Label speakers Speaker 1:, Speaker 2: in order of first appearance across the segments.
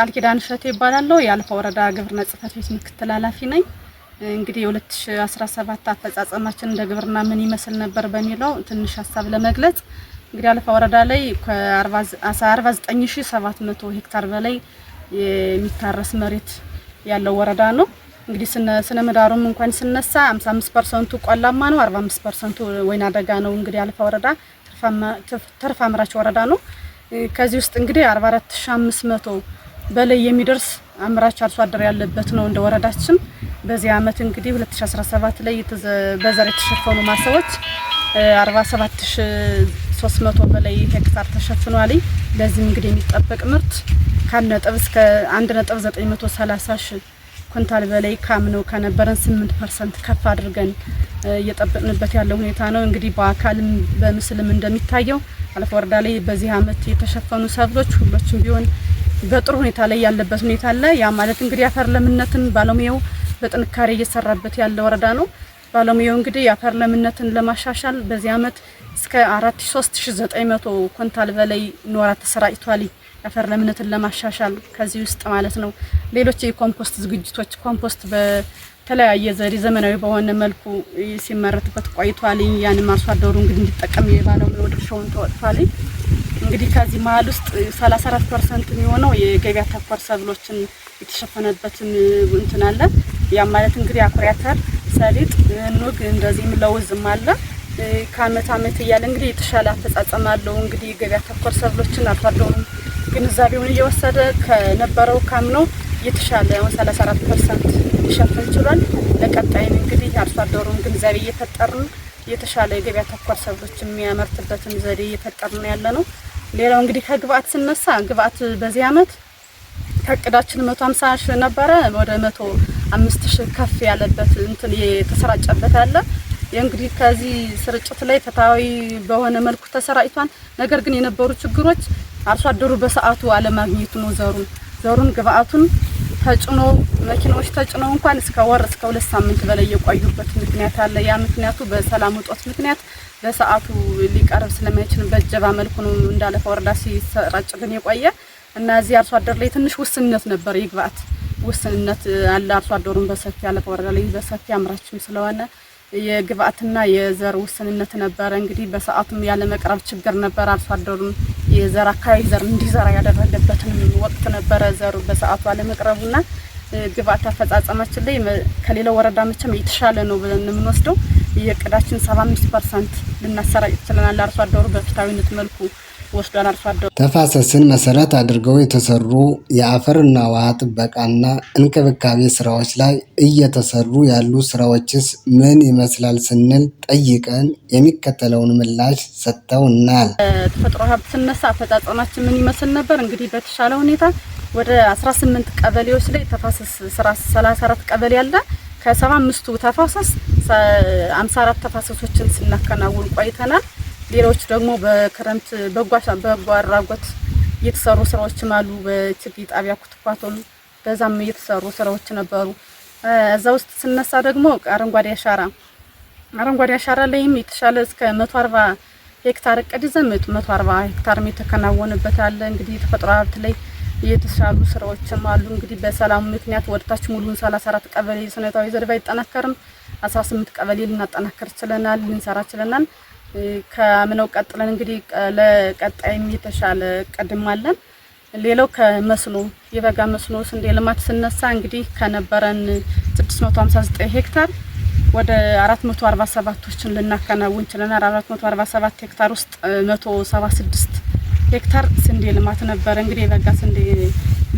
Speaker 1: ቃል ኪዳን እሸቴ ይባላለሁ። የአለፋ ወረዳ ግብርና ጽህፈት ቤት ምክትል ኃላፊ ነኝ። እንግዲህ የ2017 አፈጻጸማችን እንደ ግብርና ምን ይመስል ነበር በሚለው ትንሽ ሀሳብ ለመግለጽ እንግዲህ አለፋ ወረዳ ላይ ከ49700 ሄክታር በላይ የሚታረስ መሬት ያለው ወረዳ ነው። እንግዲህ ስነ ምህዳሩም እንኳን ስነሳ 55 ፐርሰንቱ ቆላማ ነው፣ 45 ፐርሰንቱ ወይና ደጋ ነው። እንግዲህ አለፋ ወረዳ ትርፍ አምራች ወረዳ ነው። ከዚህ ውስጥ እንግዲህ 44500 በላይ የሚደርስ አምራች አርሶ አደር ያለበት ነው እንደ ወረዳችን። በዚህ አመት እንግዲህ 2017 ላይ በዘር የተሸፈኑ ማሳዎች 47300 በላይ ሄክታር ተሸፍኗል። ለዚህም እንግዲህ የሚጠበቅ ምርት ከነጥብ እስከ 1.930 ሺ ኩንታል በላይ ካምነው ከነበረን 8% ከፍ አድርገን እየጠበቅንበት ያለው ሁኔታ ነው። እንግዲህ በአካልም በምስልም እንደሚታየው አለፈ ወረዳ ላይ በዚህ አመት የተሸፈኑ ሰብሎች ሁሎችም ቢሆን በጥሩ ሁኔታ ላይ ያለበት ሁኔታ አለ። ያ ማለት እንግዲህ አፈር ለምነትን ባለሙያው በጥንካሬ እየሰራበት ያለ ወረዳ ነው። ባለሙያው እንግዲህ የአፈር ለምነትን ለማሻሻል በዚህ አመት እስከ 43900 ኩንታል በላይ ኖራ ተሰራጭቷል። የአፈር ለምነትን ለማሻሻል ከዚህ ውስጥ ማለት ነው። ሌሎች የኮምፖስት ዝግጅቶች ኮምፖስት በተለያየ ዘዴ ዘመናዊ በሆነ መልኩ ሲመረትበት ቆይቷል። ያንም አርሶ አደሩ እንግዲህ እንዲጠቀም የባለሙያው ድርሻውን ተወጥቷል። እንግዲህ ከዚህ መሀል ውስጥ 34 ፐርሰንት የሚሆነው የገበያ ተኮር ሰብሎችን የተሸፈነበትን እንትን አለ። ያም ማለት እንግዲህ አኩሪ አተር፣ ሰሊጥ፣ ኑግ እንደዚህም ለውዝም አለ። ከአመት አመት እያለ እንግዲህ የተሻለ አፈጻጸም አለው። እንግዲህ የገበያ ተኮር ሰብሎችን አርሶ ግንዛቤውን እየወሰደ ከነበረው ካምነው የተሻለ አሁን 34 ፐርሰንት ሊሸፍን ችሏል። ለቀጣይም እንግዲህ አርሶ አደሩን ግንዛቤ እየፈጠርን የተሻለ የገበያ ተኮር ሰብሎች የሚያመርትበትን ዘዴ እየፈጠርን ያለ ነው። ሌላው እንግዲህ ከግብአት ስነሳ ግብአት በዚህ አመት ከእቅዳችን 150 ሺህ ነበረ ወደ 105 ሺህ ከፍ ያለበት እንትን የተሰራጨበት አለ። እንግዲህ ከዚህ ስርጭት ላይ ፍትሃዊ በሆነ መልኩ ተሰራጭቷል። ነገር ግን የነበሩ ችግሮች አርሶ አደሩ በሰዓቱ አለማግኘቱ ነው። ዘሩን ዘሩን ግብአቱን ተጭኖ መኪናዎች ተጭኖ እንኳን እስከ ወር እስከ ሁለት ሳምንት በላይ የቆዩበት ምክንያት አለ። ያ ምክንያቱ በሰላም እጦት ምክንያት በሰዓቱ ሊቀርብ ስለማይችል በጀባ መልኩ ነው እንዳለፈ ወረዳ ሲሰራጭ ግን የቆየ እና እዚህ አርሶ አደር ላይ ትንሽ ውስንነት ነበር። ይግባት ውስንነት አለ። አርሶ አደሩን በሰፊ ያለፈ ወረዳ ላይ በሰፊ አምራችም ስለሆነ የግብአትና የዘር ውስንነት ነበረ። እንግዲህ በሰዓቱም ያለመቅረብ ችግር ነበር። አርሶ አደሩን የዘር አካባቢ ዘር እንዲዘራ ያደረገበትን ወቅት ነበረ። ዘሩ በሰዓቱ አለመቅረቡና ግብአት አፈጻጸማችን ላይ ከሌላው ወረዳ መቼም የተሻለ ነው ብለን የምንወስደው የቅዳችን 75 ፐርሰንት ልናሰራጭ ችለናል። አርሶ አደሩ በፍትሐዊነት መልኩ
Speaker 2: ተፋሰስን መሰረት አድርገው የተሰሩ የአፈርና ውሃ ጥበቃና እንክብካቤ ስራዎች ላይ እየተሰሩ ያሉ ስራዎችስ ምን ይመስላል ስንል ጠይቀን የሚከተለውን ምላሽ ሰጥተውናል።
Speaker 1: ተፈጥሮ ሀብት ስነሳ አፈጻጸማችን ምን ይመስል ነበር? እንግዲህ በተሻለ ሁኔታ ወደ 18 ቀበሌዎች ላይ ተፋሰስ ስራ 34 ቀበሌ ያለ ከሰባ አምስቱ ተፋሰስ 54 ተፋሰሶችን ስናከናውን ቆይተናል። ሌሎች ደግሞ በክረምት በጎ አድራጎት የተሰሩ ስራዎችም አሉ። በችግኝ ጣቢያ ኩትኳቶም በዛም የተሰሩ ስራዎች ነበሩ። እዛ ውስጥ ስነሳ ደግሞ አረንጓዴ አሻራ አረንጓዴ አሻራ ላይም የተሻለ እስከ 140 ሄክታር እቅድ ይዘን 140 ሄክታርም የተከናወነበት አለ። እንግዲህ የተፈጥሮ ሀብት ላይ የተሻሉ ስራዎችም አሉ። እንግዲህ በሰላሙ ምክንያት ወደታች ሙሉን 34 ቀበሌ ስነታዊ ዘርባ አይጠናከርም። 18 ቀበሌ ልናጠናከር ችለናል፣ ልንሰራ ችለናል። ከምነው ቀጥለን እንግዲህ ለቀጣይም የተሻለ ቀድማለን። ሌላው ከመስኖ የበጋ መስኖ ስንዴ ልማት ስነሳ እንግዲህ ከነበረን 659 ሄክታር ወደ 447ቶችን ልናከናውን ችለናል። 447 ሄክታር ውስጥ 176 ሄክታር ስንዴ ልማት ነበረ። እንግዲህ የበጋ ስንዴ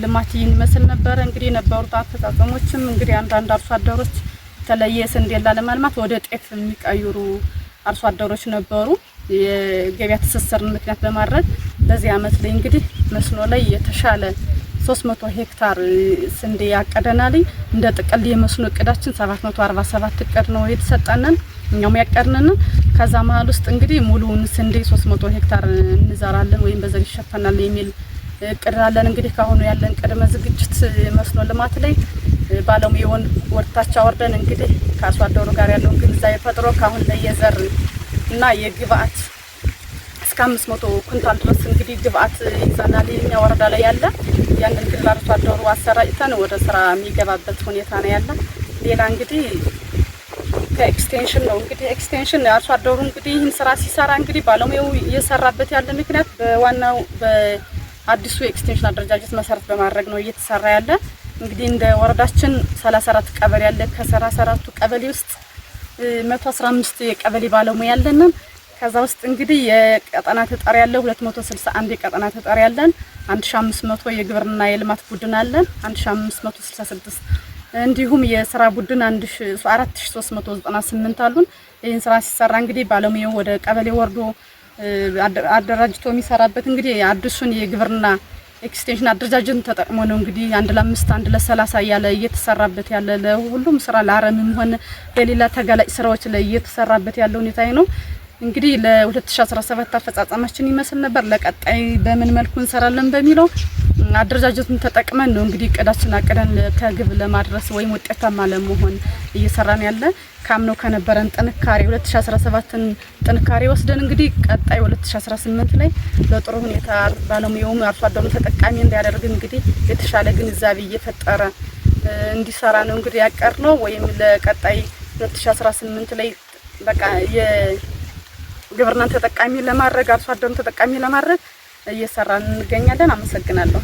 Speaker 1: ልማት ይህን መስል ነበረ። እንግዲህ የነበሩት አፈጻጸሞችም እንግዲህ አንዳንድ አርሶ አደሮች የተለየ ስንዴ ላለማልማት ወደ ጤፍ የሚቀይሩ አርሶ አደሮች ነበሩ። የገበያ ትስስርን ምክንያት በማድረግ በዚህ አመት ላይ እንግዲህ መስኖ ላይ የተሻለ 300 ሄክታር ስንዴ ያቀደናልኝ። እንደ ጥቅል የመስኖ እቅዳችን 747 እቅድ ነው የተሰጠንን እኛም ያቀድንን። ከዛ መሀል ውስጥ እንግዲህ ሙሉውን ስንዴ 300 ሄክታር እንዘራለን ወይም በዘር ይሸፈናል የሚል እቅድ አለን። እንግዲህ ከአሁኑ ያለን ቅድመ ዝግጅት መስኖ ልማት ላይ ባለሙያውን ወደታች አወርደን እንግዲህ ከአርሶ አደሩ ጋር ያለውን ግንዛቤ ፈጥሮ ካሁን ላይ የዘር እና የግብአት እስከ አምስት መቶ ኩንታል ድረስ እንግዲህ ግብአት ይዘናል። የኛ ወረዳ ላይ ያለ ያንን እንግዲህ ለአርሶ አደሩ አሰራጭተን ወደ ስራ የሚገባበት ሁኔታ ነው ያለ። ሌላ እንግዲህ ከኤክስቴንሽን ነው እንግዲህ ኤክስቴንሽን አርሶ አደሩ እንግዲህ ይህን ስራ ሲሰራ እንግዲህ ባለሙያው እየሰራበት ያለ ምክንያት በዋናው በአዲሱ የኤክስቴንሽን አደረጃጀት መሰረት በማድረግ ነው እየተሰራ ያለ። እንግዲህ እንደ ወረዳችን 34 ቀበሌ አለ። ከ34ቱ ቀበሌ ውስጥ 115 የቀበሌ ባለሙያ አለን። ከዛ ውስጥ እንግዲህ የቀጠና ተጠሪ ያለ 261 የቀጠና ተጠሪ ያለን 1500 የግብርና የልማት ቡድን አለን 1566 እንዲሁም የስራ ቡድን 4398 አሉን። ይህን ስራ ሲሰራ እንግዲህ ባለሙያው ወደ ቀበሌ ወርዶ አደራጅቶ የሚሰራበት እንግዲህ አዲሱን የግብርና ኤክስቴንሽን አደረጃጀን ተጠቅሞ ነው እንግዲህ አንድ ለአምስት አንድ ለሰላሳ እያለ እየተሰራበት ያለ ለሁሉም ስራ ለአረምም ሆነ ለሌላ ተጋላጭ ስራዎች ላይ እየተሰራበት ያለ ሁኔታ ነው። እንግዲህ ለ2017 አፈጻጸማችን ይመስል ነበር። ለቀጣይ በምን መልኩ እንሰራለን በሚለው አደረጃጀቱን ተጠቅመን ነው እንግዲህ እቅዳችን አቅደን ከግብ ለማድረስ ወይም ውጤታማ ለመሆን እየሰራን ያለ ካምነው ከነበረን ጥንካሬ 2017ን ጥንካሬ ወስደን እንግዲህ ቀጣይ 2018 ላይ በጥሩ ሁኔታ ባለሙያውም አርሶ አደሩ ተጠቃሚ እንዲያደርግ እንግዲህ የተሻለ ግንዛቤ እየፈጠረ እንዲሰራ ነው እንግዲህ ያቀር ነው ወይም ለቀጣይ 2018 ላይ በቃ ግብርናን ተጠቃሚ ለማድረግ አርሶ አደሩን ተጠቃሚ ለማድረግ እየሰራን እንገኛለን። አመሰግናለሁ።